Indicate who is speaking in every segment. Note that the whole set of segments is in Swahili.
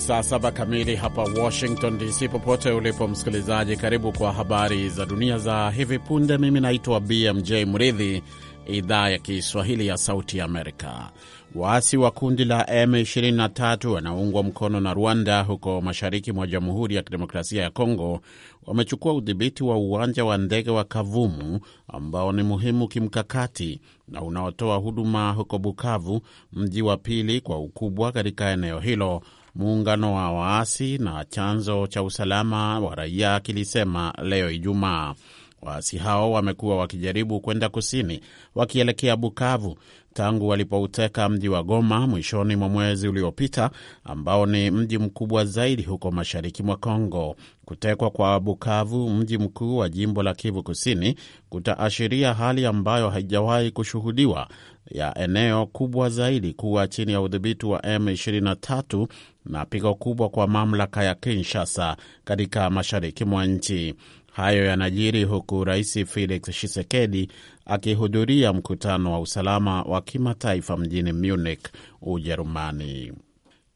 Speaker 1: saa saba kamili hapa Washington DC. Popote ulipo msikilizaji, karibu kwa habari za dunia za hivi punde. Mimi naitwa BMJ Mridhi, idhaa ya Kiswahili ya Sauti Amerika. Waasi wa kundi la M23 wanaoungwa mkono na Rwanda huko mashariki mwa Jamhuri ya Kidemokrasia ya Kongo wamechukua udhibiti wa uwanja wa ndege wa Kavumu ambao ni muhimu kimkakati na unaotoa huduma huko Bukavu, mji wa pili kwa ukubwa katika eneo hilo muungano wa waasi na chanzo cha usalama wa raia kilisema leo Ijumaa. Waasi hao wamekuwa wakijaribu kwenda kusini wakielekea Bukavu tangu walipouteka mji wa Goma mwishoni mwa mwezi uliopita, ambao ni mji mkubwa zaidi huko mashariki mwa Kongo. Kutekwa kwa Bukavu, mji mkuu wa jimbo la Kivu Kusini, kutaashiria hali ambayo haijawahi kushuhudiwa ya eneo kubwa zaidi kuwa chini ya udhibiti wa M23 na pigo kubwa kwa mamlaka ya Kinshasa katika mashariki mwa nchi. Hayo yanajiri huku Rais Felix Tshisekedi akihudhuria mkutano wa usalama wa kimataifa mjini Munich, Ujerumani.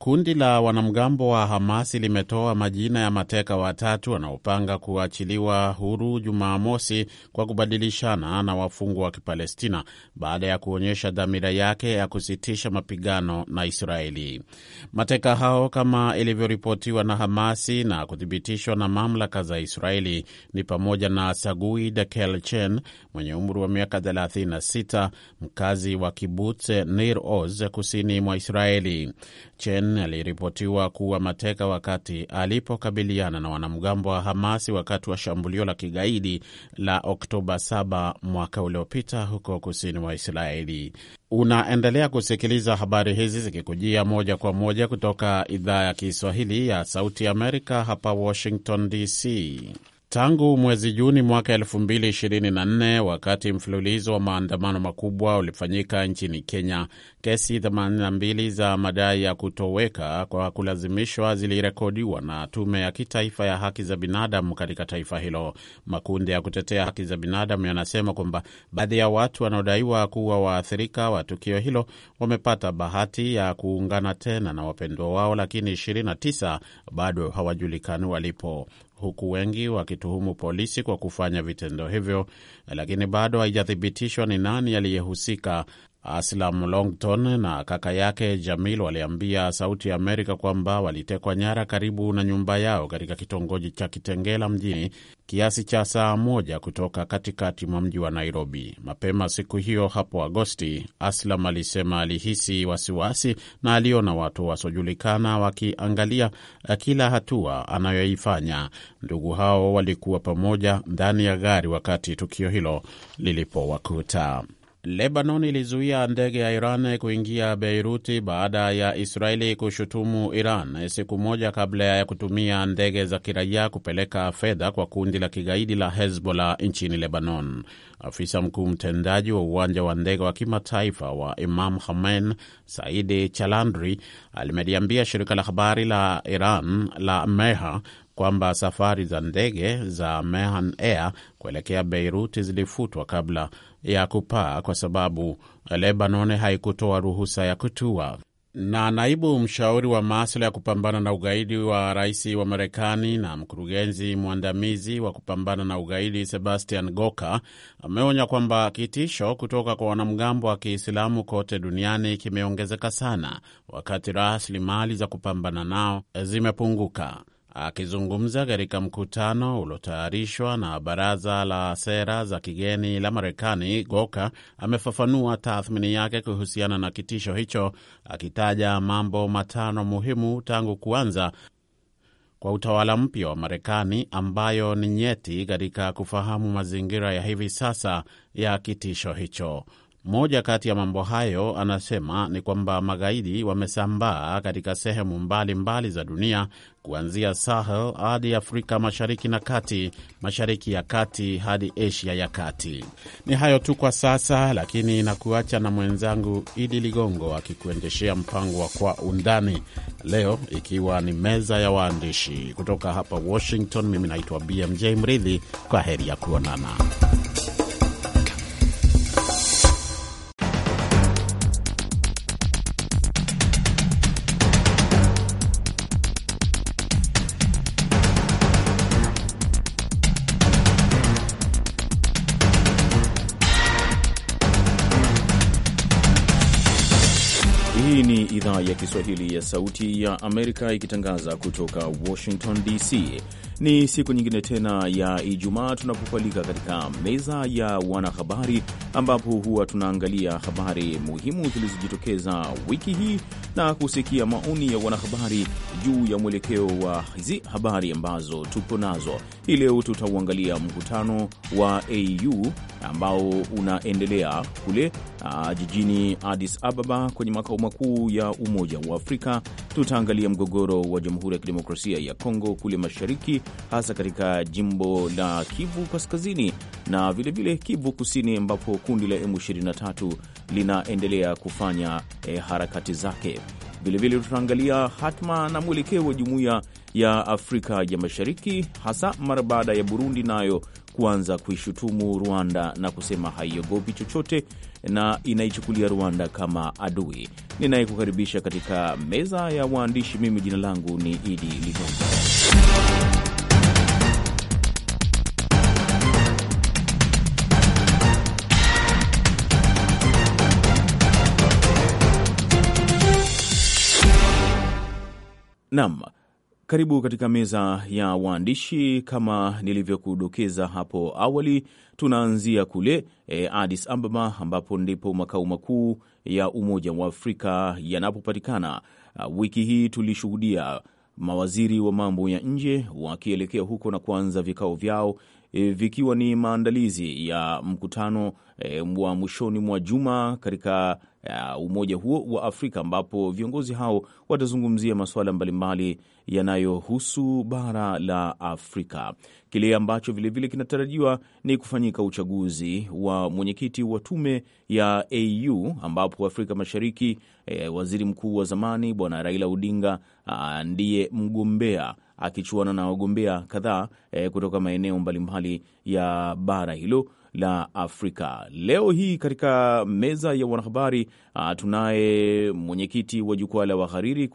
Speaker 1: Kundi la wanamgambo wa Hamasi limetoa majina ya mateka watatu wanaopanga kuachiliwa huru Jumamosi kwa kubadilishana na wafungwa wa Kipalestina baada ya kuonyesha dhamira yake ya kusitisha mapigano na Israeli. Mateka hao kama ilivyoripotiwa na Hamasi na kuthibitishwa na mamlaka za Israeli ni pamoja na Sagui Dekel Chen mwenye umri wa miaka 36, mkazi wa kibutse Nir Oz kusini mwa Israeli. Chen aliripotiwa kuwa mateka wakati alipokabiliana na wanamgambo wa Hamasi wakati wa shambulio la kigaidi la Oktoba 7 mwaka uliopita huko kusini mwa Israeli. Unaendelea kusikiliza habari hizi zikikujia moja kwa moja kutoka idhaa ya Kiswahili ya Sauti Amerika hapa Washington DC. Tangu mwezi Juni mwaka 2024 wakati mfululizo wa maandamano makubwa ulifanyika nchini Kenya, kesi 82 za madai ya kutoweka kwa kulazimishwa zilirekodiwa na Tume ya Kitaifa ya Haki za Binadamu katika taifa hilo. Makundi ya kutetea haki za binadamu yanasema kwamba baadhi ya watu wanaodaiwa kuwa waathirika wa tukio hilo wamepata bahati ya kuungana tena na wapendwa wao, lakini 29 bado hawajulikani walipo huku wengi wakituhumu polisi kwa kufanya vitendo hivyo, lakini bado haijathibitishwa ni nani aliyehusika Aslam Longton na kaka yake Jamil waliambia Sauti ya Amerika kwamba walitekwa nyara karibu na nyumba yao katika kitongoji cha Kitengela mjini kiasi cha saa moja kutoka katikati mwa mji wa Nairobi. Mapema siku hiyo hapo Agosti, Aslam alisema alihisi wasiwasi na aliona watu wasiojulikana wakiangalia eh, kila hatua anayoifanya. Ndugu hao walikuwa pamoja ndani ya gari wakati tukio hilo lilipowakuta. Lebanon ilizuia ndege ya Iran kuingia Beiruti baada ya Israeli kushutumu Iran siku moja kabla ya kutumia ndege za kiraia kupeleka fedha kwa kundi la kigaidi la Hezbollah nchini Lebanon. Afisa mkuu mtendaji wa uwanja wa ndege wa kimataifa wa Imam hamen Saidi Chalandri alimeliambia shirika la habari la Iran la Meha kwamba safari za ndege za Mehan Air kuelekea Beiruti zilifutwa kabla ya kupaa kwa sababu Lebanon haikutoa ruhusa ya kutua. Na naibu mshauri wa masuala ya kupambana na ugaidi wa rais wa Marekani na mkurugenzi mwandamizi wa kupambana na ugaidi Sebastian Goka ameonya kwamba kitisho kutoka kwa wanamgambo wa Kiislamu kote duniani kimeongezeka sana, wakati rasilimali za kupambana nao zimepunguka. Akizungumza katika mkutano uliotayarishwa na baraza la sera za kigeni la Marekani, Goka amefafanua tathmini yake kuhusiana na kitisho hicho, akitaja mambo matano muhimu tangu kuanza kwa utawala mpya wa Marekani, ambayo ni nyeti katika kufahamu mazingira ya hivi sasa ya kitisho hicho. Moja kati ya mambo hayo anasema ni kwamba magaidi wamesambaa katika sehemu mbalimbali mbali za dunia kuanzia Sahel hadi Afrika Mashariki na Kati, Mashariki ya Kati hadi Asia ya Kati. Ni hayo tu kwa sasa, lakini nakuacha na mwenzangu Idi Ligongo akikuendeshea mpango wa Kwa Undani leo, ikiwa ni meza ya waandishi kutoka hapa Washington. Mimi naitwa BMJ Mridhi, kwa heri ya kuonana.
Speaker 2: Kiswahili ya Sauti ya Amerika ikitangaza kutoka Washington DC. Ni siku nyingine tena ya Ijumaa tunapokualika katika meza ya wanahabari, ambapo huwa tunaangalia habari muhimu zilizojitokeza wiki hii na kusikia maoni ya wanahabari juu ya mwelekeo wa hizi habari ambazo tupo nazo hii leo. Tutauangalia mkutano wa AU ambao unaendelea kule a, ah, jijini Addis Ababa kwenye makao makuu ya Umoja Umoja wa Afrika tutaangalia mgogoro wa Jamhuri ya Kidemokrasia ya Kongo kule mashariki, hasa katika jimbo la Kivu Kaskazini na vilevile vile Kivu Kusini, ambapo kundi la M23 linaendelea kufanya eh, harakati zake. Vilevile tutaangalia hatma na mwelekeo wa Jumuiya ya Afrika ya Mashariki, hasa mara baada ya Burundi nayo kuanza kuishutumu Rwanda na kusema haiogopi chochote na inaichukulia Rwanda kama adui. Ninayekukaribisha katika meza ya waandishi, mimi jina langu ni Idi Ligongo. Nam, karibu katika meza ya waandishi. Kama nilivyokudokeza hapo awali, tunaanzia kule e, Addis Ababa ambapo ndipo makao makuu ya Umoja wa Afrika yanapopatikana. Wiki hii tulishuhudia mawaziri wa mambo ya nje wakielekea huko na kuanza vikao vyao e, vikiwa ni maandalizi ya mkutano e, wa mwishoni mwa juma katika uh, umoja huo wa Afrika ambapo viongozi hao watazungumzia masuala mbalimbali yanayohusu bara la Afrika. Kile ambacho vilevile kinatarajiwa ni kufanyika uchaguzi wa mwenyekiti wa tume ya AU ambapo Afrika Mashariki, eh, waziri mkuu wa zamani Bwana Raila Odinga uh, ndiye mgombea akichuana na wagombea kadhaa eh, kutoka maeneo mbalimbali ya bara hilo la Afrika. Leo hii katika meza ya wanahabari ah, tunaye mwenyekiti wa jukwaa la wahariri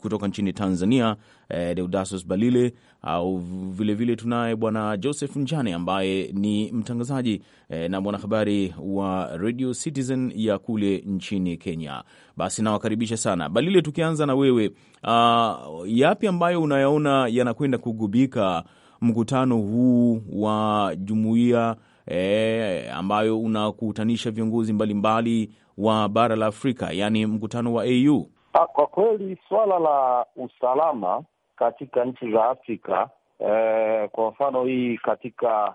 Speaker 2: kutoka nchini Tanzania, eh, Deodatus Balile au vilevile tunaye bwana Joseph Njane ambaye ni mtangazaji eh, na mwanahabari wa Radio Citizen ya kule nchini Kenya. Basi nawakaribisha sana. Balile, tukianza na wewe, uh, yapi ambayo unayaona yanakwenda kugubika mkutano huu wa jumuiya e, ambayo unakutanisha viongozi mbalimbali wa bara la Afrika, yaani mkutano wa AU.
Speaker 3: Kwa kweli swala la usalama katika nchi za Afrika e, kwa mfano hii katika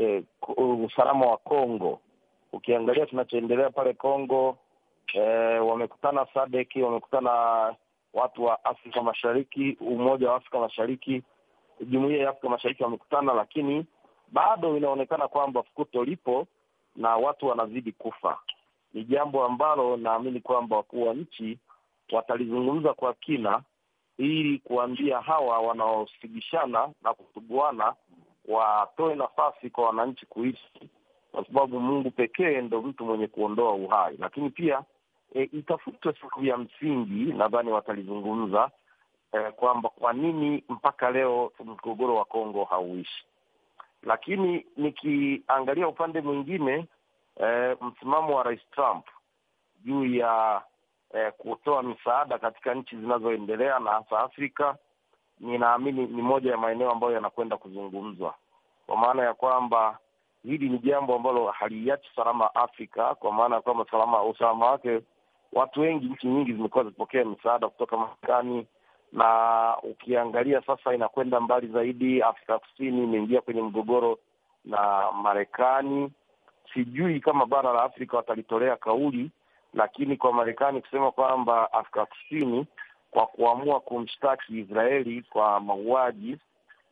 Speaker 3: e, usalama wa Kongo, ukiangalia tunachoendelea pale Kongo e, wamekutana Sadeki, wamekutana watu wa Afrika Mashariki, umoja wa Afrika Mashariki, jumuiya ya Afrika Mashariki wamekutana, lakini bado inaonekana kwamba fukuto lipo na watu wanazidi kufa. Ni jambo ambalo naamini kwamba wakuu wa nchi watalizungumza kwa kina, ili kuambia hawa wanaosigishana na kusuguana watoe nafasi kwa wananchi kuishi, kwa sababu Mungu pekee ndo mtu mwenye kuondoa uhai. Lakini pia e, itafutwe siku ya msingi, nadhani watalizungumza e, kwamba kwa nini mpaka leo mgogoro wa Kongo hauishi. Lakini nikiangalia upande mwingine eh, msimamo wa Rais Trump juu ya eh, kutoa misaada katika nchi zinazoendelea na hasa Afrika, ninaamini ni moja ya maeneo ambayo yanakwenda kuzungumzwa, kwa maana ya kwamba hili ni jambo ambalo haliachi salama Afrika, kwa maana ya kwamba salama usalama wake, watu wengi, nchi nyingi zimekuwa zikipokea misaada kutoka Marekani na ukiangalia sasa inakwenda mbali zaidi. Afrika Kusini imeingia kwenye mgogoro na Marekani. Sijui kama bara la Afrika watalitolea kauli, lakini kwa Marekani kusema kwamba Afrika Kusini kwa kuamua kumshtaki Israeli kwa mauaji,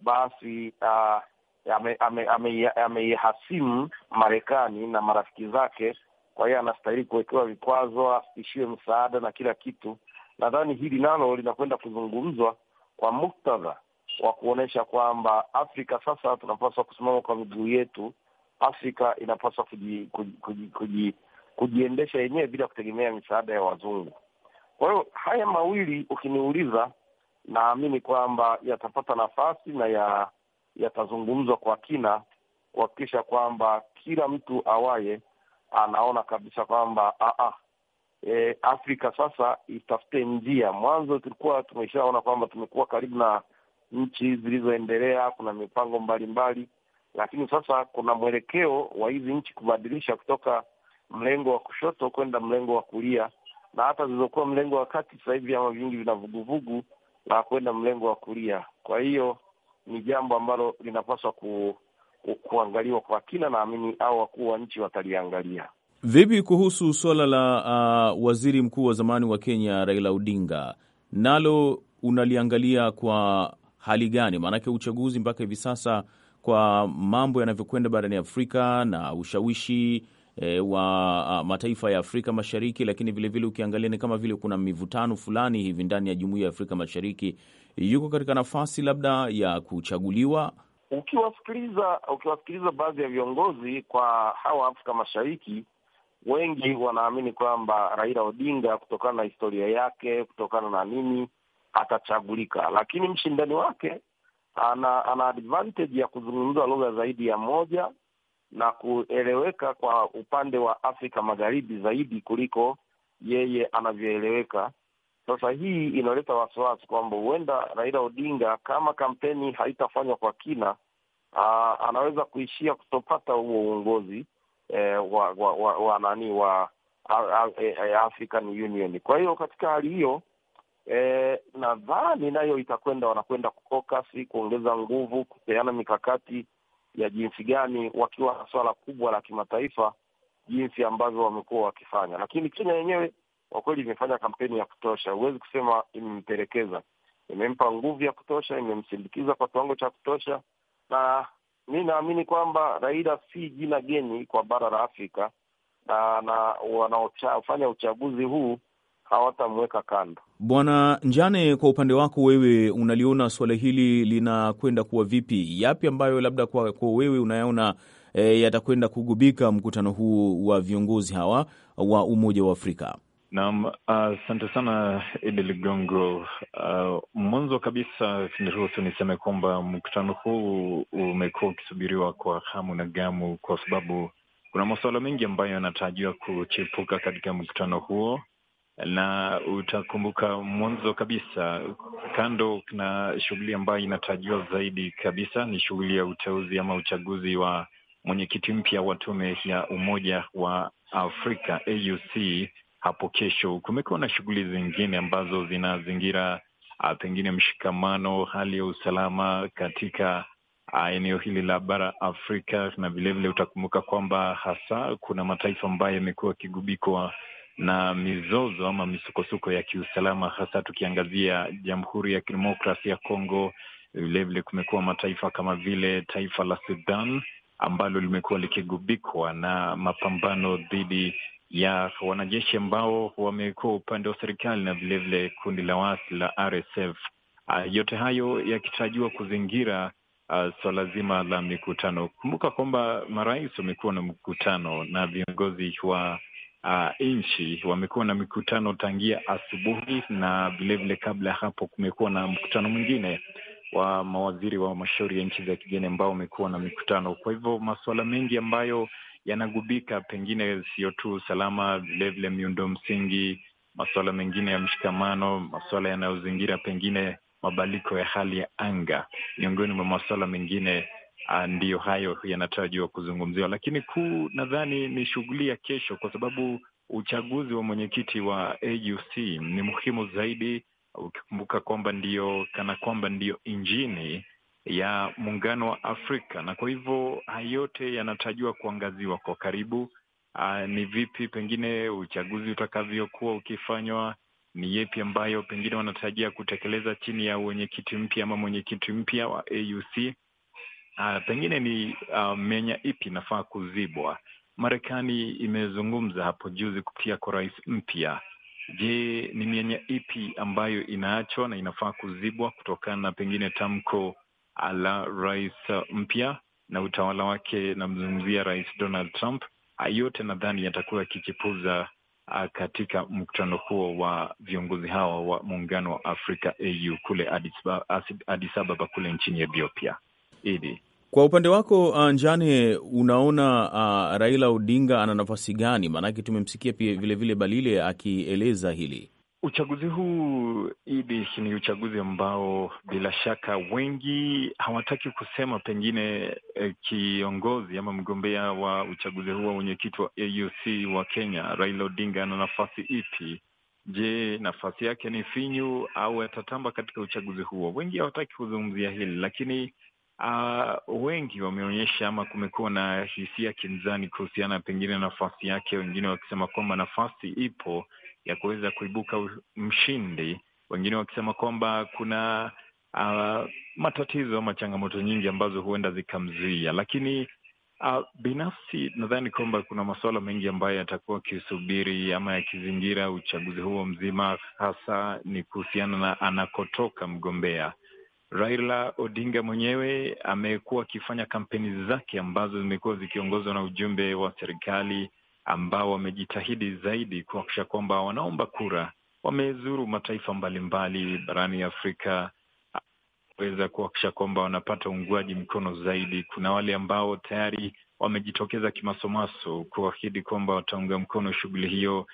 Speaker 3: basi uh, ameihasimu ame, ame Marekani na marafiki zake. Kwa hiyo anastahili kuwekewa vikwazo, asitishiwe msaada na kila kitu, nadhani hili nalo linakwenda kuzungumzwa kwa muktadha wa kuonyesha kwamba Afrika sasa tunapaswa kusimama kwa miguu yetu. Afrika inapaswa kuji, kuji, kuji, kuji, kujiendesha yenyewe bila kutegemea misaada ya wazungu. Kwa hiyo haya mawili ukiniuliza, naamini kwamba yatapata nafasi na ya yatazungumzwa kwa kina kuhakikisha kwamba kila mtu awaye anaona kabisa kwamba ah, ah, e, Afrika sasa itafute njia. Mwanzo tulikuwa tumeshaona kwamba tumekuwa karibu na nchi zilizoendelea, kuna mipango mbalimbali mbali, lakini sasa kuna mwelekeo wa hizi nchi kubadilisha kutoka mlengo wa kushoto kwenda mlengo wa kulia, na hata zilizokuwa mlengo wa kati sasa hivi vyama vingi vina vuguvugu la kwenda mlengo wa kulia. Kwa hiyo ni jambo ambalo linapaswa ku, kuangaliwa kwa kina, naamini au wakuu wa nchi wataliangalia.
Speaker 2: Vipi kuhusu suala la uh, waziri mkuu wa zamani wa Kenya Raila Odinga, nalo unaliangalia kwa hali gani? Maanake uchaguzi mpaka hivi sasa kwa mambo yanavyokwenda barani Afrika na ushawishi e, wa uh, mataifa ya Afrika Mashariki, lakini vilevile vile ukiangalia ni kama vile kuna mivutano fulani hivi ndani ya jumuiya ya Afrika Mashariki. Yuko katika nafasi labda ya kuchaguliwa.
Speaker 3: Ukiwasikiliza ukiwasikiliza baadhi ya viongozi kwa hawa Afrika Mashariki wengi wanaamini kwamba Raila Odinga kutokana na historia yake, kutokana na nini, atachagulika, lakini mshindani wake ana, ana advantage ya kuzungumza lugha zaidi ya moja na kueleweka kwa upande wa Afrika Magharibi zaidi kuliko yeye anavyoeleweka. Sasa hii inaleta wasiwasi kwamba huenda Raila Odinga kama kampeni haitafanywa kwa kina, aa, anaweza kuishia kutopata huo uongozi eh, wa wa, wa, wa, nani, wa eh, eh, African Union. Kwa hiyo katika hali hiyo eh, nadhani nayo itakwenda, wanakwenda kukokasi kuongeza nguvu, kupeana mikakati ya jinsi gani wakiwa na swala kubwa la kimataifa, jinsi ambavyo wamekuwa wakifanya. Lakini Kenya yenyewe kwa kweli imefanya kampeni ya kutosha, huwezi kusema imempelekeza, imempa nguvu ya kutosha, imemsindikiza kwa kiwango cha kutosha, na mi naamini kwamba Raila si jina geni kwa bara la Afrika na, na wanaofanya uchaguzi huu hawatamweka kando.
Speaker 2: Bwana Njane, kwa upande wako wewe unaliona suala hili linakwenda kuwa vipi? Yapi ambayo labda kwa, kwa wewe unayaona e, yatakwenda kugubika mkutano huu wa viongozi hawa wa Umoja wa Afrika?
Speaker 4: Naam, asante uh, sana Idi Ligongo. Uh, mwanzo kabisa niruhusu niseme kwamba mkutano huu umekuwa ukisubiriwa kwa hamu na gamu, kwa sababu kuna masuala mengi ambayo yanatarajiwa kuchipuka katika mkutano huo, na utakumbuka mwanzo kabisa, kando na shughuli ambayo inatarajiwa zaidi kabisa ni shughuli ya uteuzi ama uchaguzi wa mwenyekiti mpya wa tume ya Umoja wa Afrika AUC hapo kesho. Kumekuwa na shughuli zingine ambazo zinazingira ah, pengine mshikamano, hali ya usalama katika ah, eneo hili la bara Afrika, na vilevile utakumbuka kwamba hasa kuna mataifa ambayo yamekuwa yakigubikwa na mizozo ama misukosuko ya kiusalama, hasa tukiangazia Jamhuri ya Kidemokrasia ya Kongo. Vilevile kumekuwa mataifa kama vile taifa la Sudan ambalo limekuwa likigubikwa na mapambano dhidi ya wanajeshi ambao wamekuwa upande wa serikali na vilevile kundi la waasi la RSF. Uh, ah, yote hayo yakitarajiwa kuzingira uh, swala so zima la mikutano. Kumbuka kwamba marais wamekuwa na mkutano na viongozi wa uh, nchi wamekuwa na mikutano tangia asubuhi, na vilevile kabla ya hapo kumekuwa na mkutano mwingine wa mawaziri wa mashauri ya nchi za kigeni ambao wamekuwa na mikutano. Kwa hivyo masuala mengi ambayo yanagubika pengine sio tu usalama, vilevile miundo msingi, masuala mengine ya mshikamano, masuala yanayozingira pengine mabadiliko ya hali ya anga, miongoni mwa masuala mengine ah, ndiyo hayo yanatarajiwa kuzungumziwa, lakini kuu nadhani ni shughuli ya kesho, kwa sababu uchaguzi wa mwenyekiti wa AUC ni muhimu zaidi, ukikumbuka kwamba ndiyo kana kwamba ndiyo injini ya muungano wa Afrika, na kwa hivyo hayo yote yanatarajiwa kuangaziwa kwa karibu. Uh, ni vipi pengine uchaguzi utakavyokuwa ukifanywa, ni yepi ambayo pengine wanatarajia kutekeleza chini ya wenyekiti mpya ama mwenyekiti mpya wa AUC. Uh, pengine ni uh, menya ipi inafaa kuzibwa. Marekani imezungumza hapo juzi kupitia kwa rais mpya. Je, ni mianya ipi ambayo inaachwa na inafaa kuzibwa kutokana na pengine tamko ala rais uh, mpya na utawala wake, namzungumzia Rais Donald Trump. Ah, yote nadhani yatakuwa yakichipuza ah, katika mkutano huo wa viongozi hawa wa muungano wa Afrika au kule Addis Ababa kule nchini Ethiopia. Idi,
Speaker 2: kwa upande wako ah, Njane, unaona uh, Raila Odinga ana nafasi gani? Maanake tumemsikia pia vilevile Balile akieleza hili
Speaker 4: Uchaguzi huu Idi, ni uchaguzi ambao bila shaka wengi hawataki kusema, pengine eh, kiongozi ama mgombea wa uchaguzi huu wa mwenyekiti wa AUC wa Kenya Raila Odinga ana nafasi ipi? Je, nafasi yake ni finyu au atatamba katika uchaguzi huo? Wengi hawataki kuzungumzia hili, lakini uh, wengi wameonyesha ama kumekuwa na hisia kinzani kuhusiana pengine nafasi yake, wengine wakisema kwamba nafasi ipo ya kuweza kuibuka mshindi, wengine wakisema kwamba kuna uh, matatizo ama changamoto nyingi ambazo huenda zikamzuia, lakini uh, binafsi nadhani kwamba kuna masuala mengi ambayo yatakuwa akisubiri ama yakizingira uchaguzi huo mzima, hasa ni kuhusiana na anakotoka mgombea. Raila Odinga mwenyewe amekuwa akifanya kampeni zake ambazo zimekuwa zikiongozwa na ujumbe wa serikali ambao wamejitahidi zaidi kuhakikisha kwamba wanaomba kura wamezuru mataifa mbalimbali barani Afrika weza kuhakikisha kwamba wanapata uunguaji mkono zaidi. Kuna wale ambao tayari wamejitokeza kimasomaso kuahidi kwamba wataunga mkono shughuli hiyo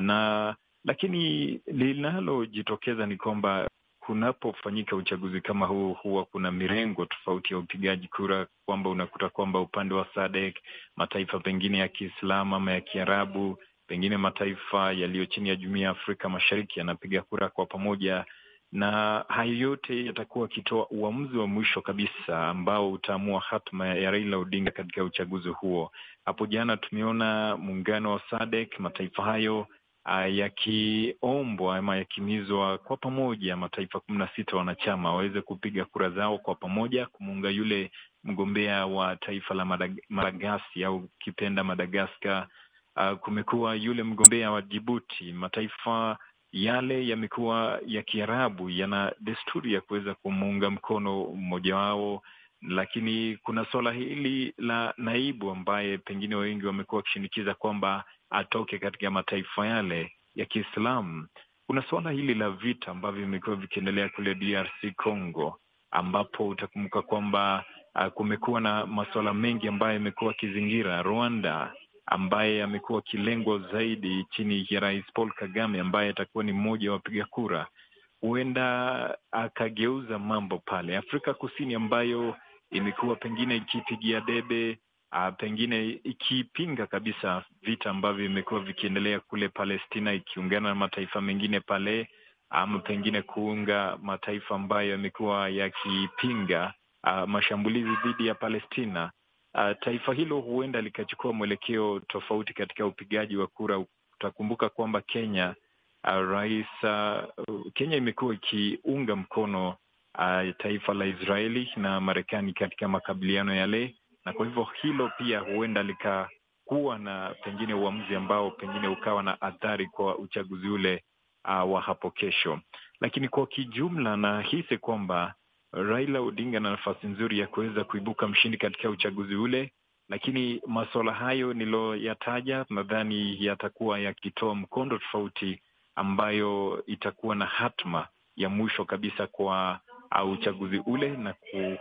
Speaker 4: na lakini linalojitokeza ni kwamba kunapofanyika uchaguzi kama huu huwa kuna mirengo tofauti ya upigaji kura, kwamba unakuta kwamba upande wa SADC, mataifa pengine ya Kiislamu ama ya Kiarabu, pengine mataifa yaliyo chini ya jumuiya ya Afrika Mashariki yanapiga kura kwa pamoja, na hayo yote yatakuwa akitoa uamuzi wa mwisho kabisa ambao utaamua hatma ya Raila Odinga katika uchaguzi huo. Hapo jana tumeona muungano wa SADC, mataifa hayo Ah, yakiombwa ama yakimizwa kwa pamoja mataifa kumi na sita wanachama waweze kupiga kura zao kwa pamoja kumuunga yule mgombea wa taifa la Madagasi au kipenda Madagaskar. Uh, kumekuwa yule mgombea wa Jibuti. Mataifa yale yamekuwa ya Kiarabu yana desturi ya kuweza kumuunga mkono mmoja wao, lakini kuna suala hili la naibu ambaye pengine wengi wamekuwa wakishinikiza kwamba atoke katika mataifa yale ya Kiislamu. Kuna suala hili la vita ambavyo vimekuwa vikiendelea kule DRC Congo, ambapo utakumbuka kwamba uh, kumekuwa na masuala mengi ambayo yamekuwa akizingira Rwanda ambaye amekuwa akilengwa zaidi chini ya Rais Paul Kagame ambaye atakuwa ni mmoja wa wapiga kura, huenda akageuza mambo pale. Afrika Kusini ambayo imekuwa pengine ikipigia debe a, ah, pengine ikipinga kabisa vita ambavyo vimekuwa vikiendelea kule Palestina, ikiungana na mataifa mengine pale, ama pengine kuunga mataifa ambayo yamekuwa yakipinga ah, mashambulizi dhidi ya Palestina. A, ah, taifa hilo huenda likachukua mwelekeo tofauti katika upigaji wa kura. Utakumbuka kwamba Kenya a, rais a, Kenya imekuwa ikiunga mkono a, taifa la Israeli na Marekani katika makabiliano yale na kwa hivyo hilo pia huenda likakuwa na pengine uamuzi ambao pengine ukawa na athari kwa uchaguzi ule uh, wa hapo kesho. Lakini kwa kijumla, nahisi kwamba Raila Odinga na nafasi nzuri ya kuweza kuibuka mshindi katika uchaguzi ule, lakini masuala hayo niloyataja nadhani yatakuwa yakitoa mkondo tofauti ambayo itakuwa na hatma ya mwisho kabisa kwa uchaguzi ule na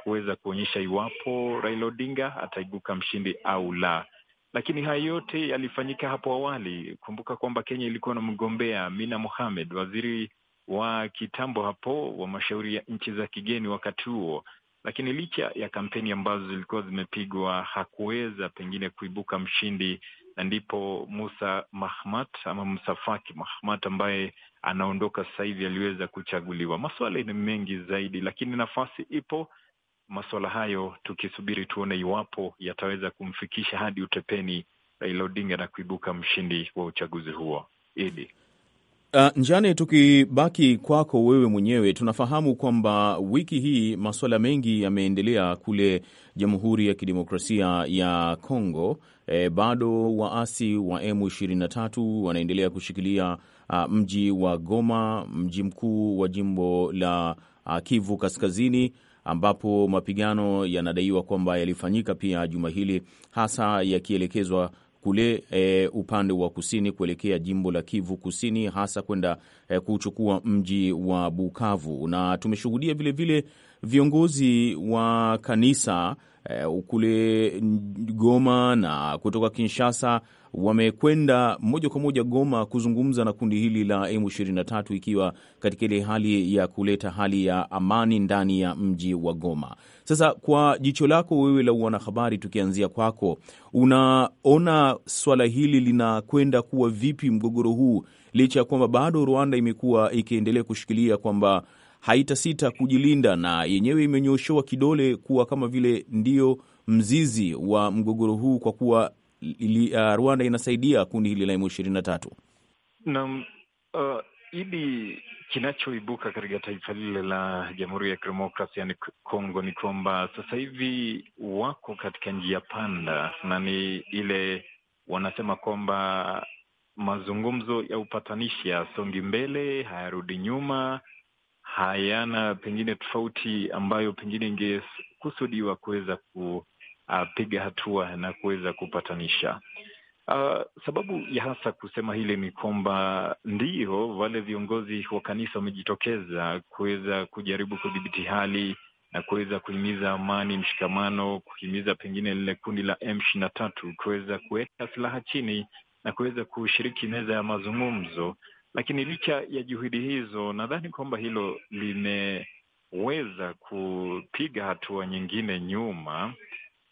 Speaker 4: kuweza kuonyesha iwapo Raila Odinga ataibuka mshindi au la. Lakini haya yote yalifanyika hapo awali. Kumbuka kwamba Kenya ilikuwa na mgombea Amina Mohamed, waziri wa kitambo hapo wa mashauri ya nchi za kigeni wakati huo. Lakini licha ya kampeni ambazo zilikuwa zimepigwa, hakuweza pengine kuibuka mshindi na ndipo Musa Mahmat ama Musa Faki Mahmat ambaye anaondoka sasa hivi aliweza kuchaguliwa. Maswala ni mengi zaidi, lakini nafasi ipo. Maswala hayo tukisubiri tuone iwapo yataweza kumfikisha hadi utepeni Raila Odinga na kuibuka mshindi wa uchaguzi huo. Idi
Speaker 2: Uh, Njane, tukibaki kwako wewe mwenyewe, tunafahamu kwamba wiki hii masuala mengi yameendelea kule Jamhuri ya Kidemokrasia ya Kongo. E, bado waasi wa M23 wanaendelea kushikilia uh, mji wa Goma, mji mkuu wa jimbo la uh, Kivu Kaskazini, ambapo mapigano yanadaiwa kwamba yalifanyika pia juma hili, hasa yakielekezwa kule e, upande wa kusini kuelekea jimbo la Kivu Kusini, hasa kwenda e, eh, kuchukua mji wa Bukavu, na tumeshuhudia vilevile viongozi wa kanisa e, kule Goma na kutoka Kinshasa wamekwenda moja kwa moja Goma kuzungumza na kundi hili la M23, ikiwa katika ile hali ya kuleta hali ya amani ndani ya mji wa Goma. Sasa kwa jicho lako wewe la wanahabari tukianzia kwako, unaona swala hili linakwenda kuwa vipi, mgogoro huu, licha ya kwamba bado Rwanda imekuwa ikiendelea kushikilia kwamba haitasita kujilinda na yenyewe imenyoshewa kidole kuwa kama vile ndiyo mzizi wa mgogoro huu kwa kuwa li, uh, Rwanda inasaidia kundi hili la M23?
Speaker 4: Naam, uh, idi kinachoibuka katika taifa lile la Jamhuri ya Kidemokrasia yani Kongo ni kwamba sasa hivi wako katika njia panda, na ni ile wanasema kwamba mazungumzo ya upatanishi yasongi mbele, hayarudi nyuma, hayana pengine tofauti ambayo pengine ingekusudiwa kuweza ku piga hatua na kuweza kupatanisha. Uh, sababu ya hasa kusema hili ni kwamba ndio wale viongozi wa kanisa wamejitokeza kuweza kujaribu kudhibiti hali na kuweza kuhimiza amani, mshikamano, kuhimiza pengine lile kundi la M ishirini na tatu kuweza kuweka silaha chini na kuweza kushiriki meza ya mazungumzo. Lakini licha ya juhudi hizo, nadhani kwamba hilo limeweza kupiga hatua nyingine nyuma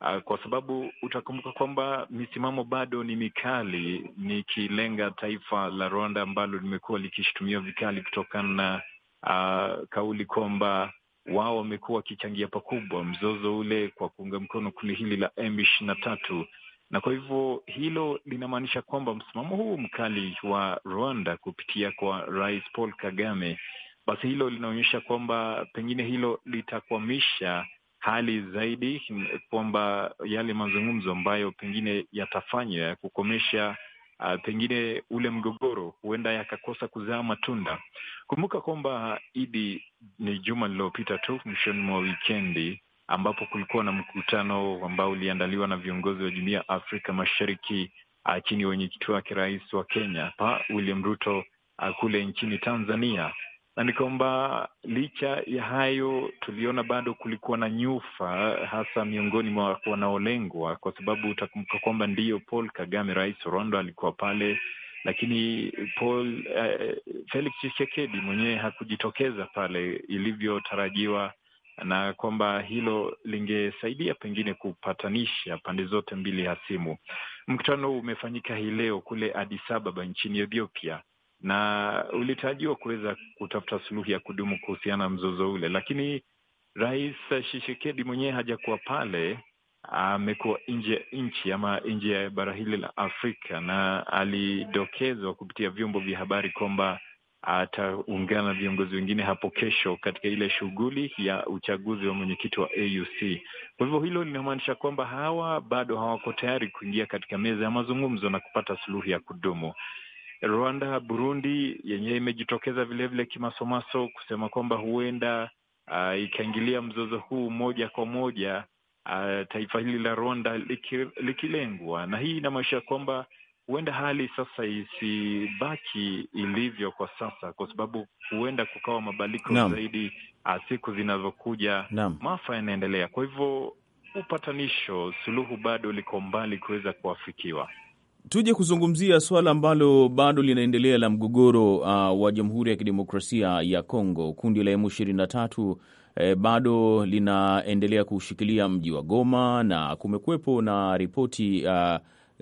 Speaker 4: uh, kwa sababu utakumbuka kwamba misimamo bado ni mikali, nikilenga taifa la Rwanda ambalo limekuwa likishutumiwa vikali kutokana na uh, kauli kwamba wao wamekuwa wakichangia pakubwa mzozo ule kwa kuunga mkono kundi hili la M ishirini na tatu na kwa hivyo hilo linamaanisha kwamba msimamo huu mkali wa Rwanda kupitia kwa Rais Paul Kagame, basi hilo linaonyesha kwamba pengine hilo litakwamisha hali zaidi mm, kwamba yale mazungumzo ambayo pengine yatafanywa ya kukomesha uh, pengine ule mgogoro huenda yakakosa kuzaa matunda. Kumbuka kwamba idi ni juma lililopita tu mwishoni mwa wikendi ambapo kulikuwa na mkutano ambao uliandaliwa na viongozi wa jumuiya ya Afrika Mashariki uh, chini ya wenyekiti wake Rais wa Kenya pa William Ruto uh, kule nchini Tanzania na ni kwamba licha ya hayo, tuliona bado kulikuwa na nyufa, hasa miongoni mwa wanaolengwa, kwa sababu utakumbuka kwamba ndiyo Paul Kagame, rais wa Rwanda, alikuwa pale, lakini Paul uh, Felix Tshisekedi mwenyewe hakujitokeza pale ilivyotarajiwa, na kwamba hilo lingesaidia pengine kupatanisha pande zote mbili hasimu. Mkutano huu umefanyika hii leo kule Addis Ababa nchini Ethiopia na ulitarajiwa kuweza kutafuta suluhu ya kudumu kuhusiana na mzozo ule, lakini Rais shishekedi mwenyewe hajakuwa pale, amekuwa nje ya nchi ama nje ya bara hili la Afrika, na alidokezwa kupitia vyombo vya habari kwamba ataungana na viongozi wengine hapo kesho katika ile shughuli ya uchaguzi wa mwenyekiti wa AUC. Kwa hivyo hilo linamaanisha kwamba hawa bado hawako tayari kuingia katika meza ya mazungumzo na kupata suluhu ya kudumu. Rwanda, Burundi yenyewe imejitokeza vilevile kimasomaso kusema kwamba huenda uh, ikaingilia mzozo huu moja kwa moja uh, taifa hili la Rwanda liki, likilengwa, na hii inamaanisha kwamba huenda hali sasa isibaki ilivyo kwa sasa, kwa sababu huenda kukawa mabadiliko zaidi ah, siku zinazokuja, maafa yanaendelea. Kwa hivyo upatanisho, suluhu bado liko mbali kuweza kuafikiwa.
Speaker 2: Tuje kuzungumzia suala ambalo bado linaendelea la mgogoro uh, wa Jamhuri ya Kidemokrasia ya Kongo. Kundi la M23 eh, bado linaendelea kushikilia mji wa Goma na kumekuwepo na ripoti uh,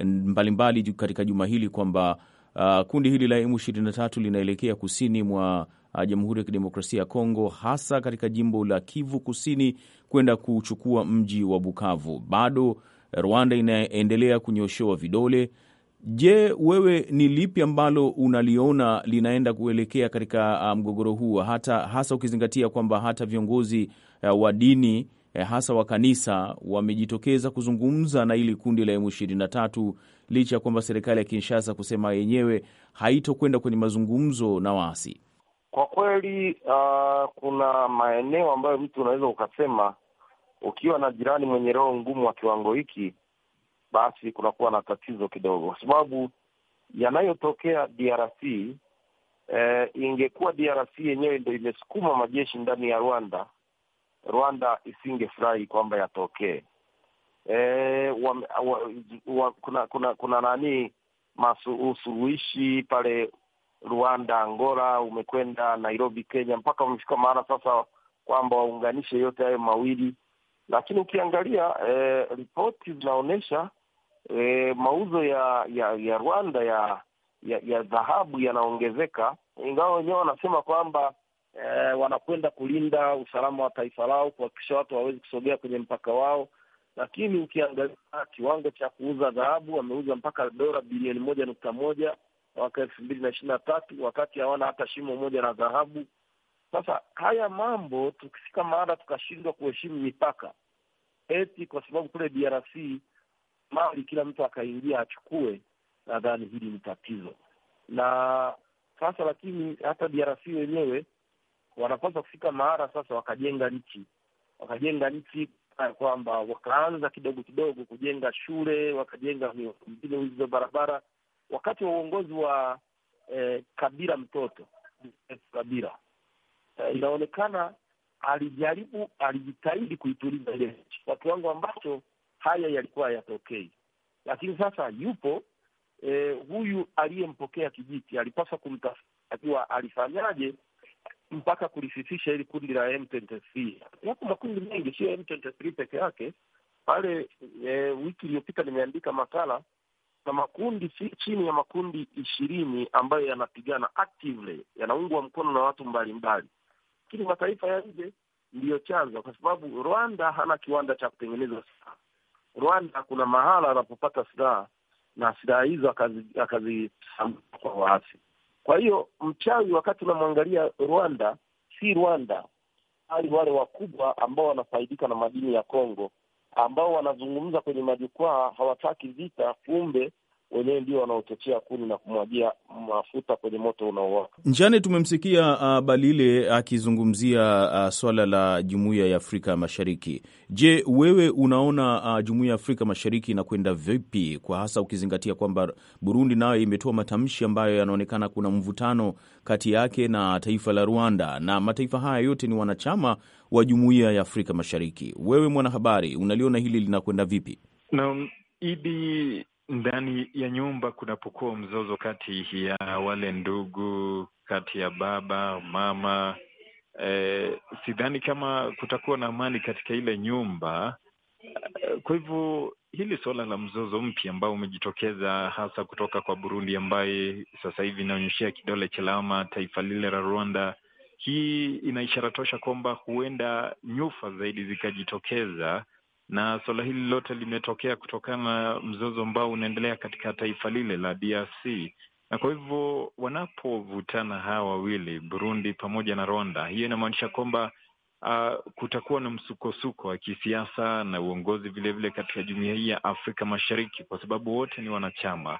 Speaker 2: mbalimbali katika juma hili kwamba uh, kundi hili la M23 linaelekea kusini mwa uh, Jamhuri ya Kidemokrasia ya Kongo, hasa katika jimbo la Kivu Kusini kwenda kuchukua mji wa Bukavu. Bado eh, Rwanda inaendelea kunyoshewa vidole Je, wewe ni lipi ambalo unaliona linaenda kuelekea katika uh, mgogoro huu, hata hasa ukizingatia kwamba hata viongozi uh, wa dini eh, hasa wa kanisa wamejitokeza kuzungumza na hili kundi la M23 licha ya kwamba serikali ya Kinshasa kusema yenyewe haitokwenda kwenye mazungumzo na waasi?
Speaker 3: Kwa kweli uh, kuna maeneo ambayo mtu unaweza ukasema ukiwa na jirani mwenye roho ngumu wa kiwango hiki basi kunakuwa na tatizo kidogo, kwa sababu yanayotokea DRC eh, ingekuwa DRC yenyewe ndo imesukuma majeshi ndani ya Rwanda, Rwanda isingefurahi kwamba yatokee. Eh, kuna kuna kuna nani usuluhishi pale Rwanda, Angola, umekwenda Nairobi, Kenya, mpaka wamefika mahala sasa kwamba waunganishe yote hayo mawili, lakini ukiangalia eh, ripoti zinaonyesha e, mauzo ya ya ya Rwanda ya ya dhahabu yanaongezeka, ingawa wenyewe wanasema kwamba e, wanakwenda kulinda usalama wa taifa lao, kuhakikisha watu hawawezi kusogea kwenye mpaka wao, lakini ukiangalia kiwango cha kuuza dhahabu, wameuza mpaka dola bilioni moja nukta moja mwaka elfu mbili na ishirini na tatu wakati hawana hata shimo moja la dhahabu. Sasa haya mambo tukifika mahala tukashindwa kuheshimu mipaka, eti kwa sababu kule DRC mali kila mtu akaingia achukue, nadhani hili ni tatizo. Na sasa lakini hata DRC wenyewe wanapaswa kufika mahara sasa wakajenga nchi, wakajenga nchi kwamba wakaanza kidogo kidogo kujenga shule, wakajenga miundombinu hizo barabara. Wakati wa uongozi wa eh, Kabila mtoto Kabila eh, inaonekana alijaribu, alijitahidi kuituliza ile nchi kwa kiwango ambacho haya yalikuwa yatokei, lakini sasa yupo e, huyu aliyempokea kijiti alipaswa kumtafuta alifanyaje mpaka kulisifisha hili kundi la M23. Yapo makundi mengi, sio M23 peke yake. Pale e, wiki iliyopita nimeandika makala na makundi chini ya makundi ishirini ambayo yanapigana actively, yanaungwa mkono na watu mbalimbali, lakini mataifa ya nje ndiyo chanzo, kwa sababu Rwanda hana kiwanda cha kutengeneza silaha. Rwanda kuna mahala anapopata silaha na silaha hizo akazisambua kwa waasi. Kwa hiyo mchawi, wakati unamwangalia Rwanda, si Rwanda bali wale wakubwa ambao wanafaidika na madini ya Kongo, ambao wanazungumza kwenye majukwaa, hawataki vita, kumbe wenyewe ndio wanaochochea kuni na kumwagia mafuta kwenye moto unaowaka
Speaker 2: njiani. Tumemsikia uh, Balile akizungumzia uh, swala la jumuiya ya Afrika Mashariki. Je, wewe unaona uh, jumuiya ya Afrika Mashariki inakwenda vipi, kwa hasa ukizingatia kwamba Burundi nayo imetoa matamshi ambayo yanaonekana kuna mvutano kati yake na taifa la Rwanda, na mataifa haya yote ni wanachama wa jumuiya ya Afrika Mashariki. Wewe mwanahabari, unaliona hili linakwenda vipi?
Speaker 4: Naam, Idi, ndani ya nyumba kunapokuwa mzozo kati ya wale ndugu, kati ya baba mama, e, sidhani kama kutakuwa na amani katika ile nyumba. Kwa hivyo hili suala la mzozo mpya ambao umejitokeza hasa kutoka kwa Burundi, ambaye sasa hivi inaonyeshea kidole cha lawama taifa lile la Rwanda, hii ina ishara tosha kwamba huenda nyufa zaidi zikajitokeza na suala hili lote limetokea kutokana na mzozo ambao unaendelea katika taifa lile la DRC na kwa hivyo wanapovutana hawa wawili Burundi pamoja na Rwanda, hiyo inamaanisha kwamba uh, kutakuwa na msukosuko wa kisiasa na uongozi vilevile katika jumuiya hii ya Afrika Mashariki, kwa sababu wote ni wanachama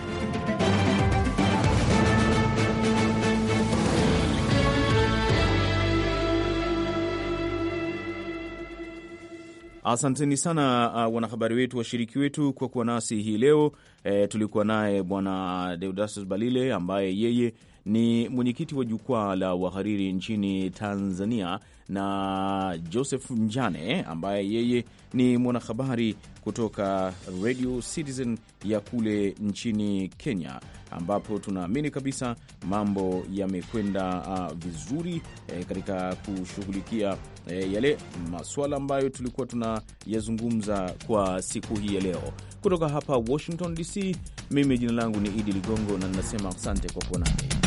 Speaker 2: Asanteni sana uh, wanahabari wetu, washiriki wetu kwa kuwa nasi hii leo. E, tulikuwa naye Bwana Deodatus Balile ambaye yeye ni mwenyekiti wa jukwaa la wahariri nchini Tanzania, na Joseph Njane ambaye yeye ni mwanahabari kutoka Radio Citizen ya kule nchini Kenya, ambapo tunaamini kabisa mambo yamekwenda uh, vizuri eh, katika kushughulikia eh, yale masuala ambayo tulikuwa tunayazungumza kwa siku hii ya leo. Kutoka hapa Washington DC, mimi jina langu ni Idi Ligongo na ninasema asante kwa kuwa nami.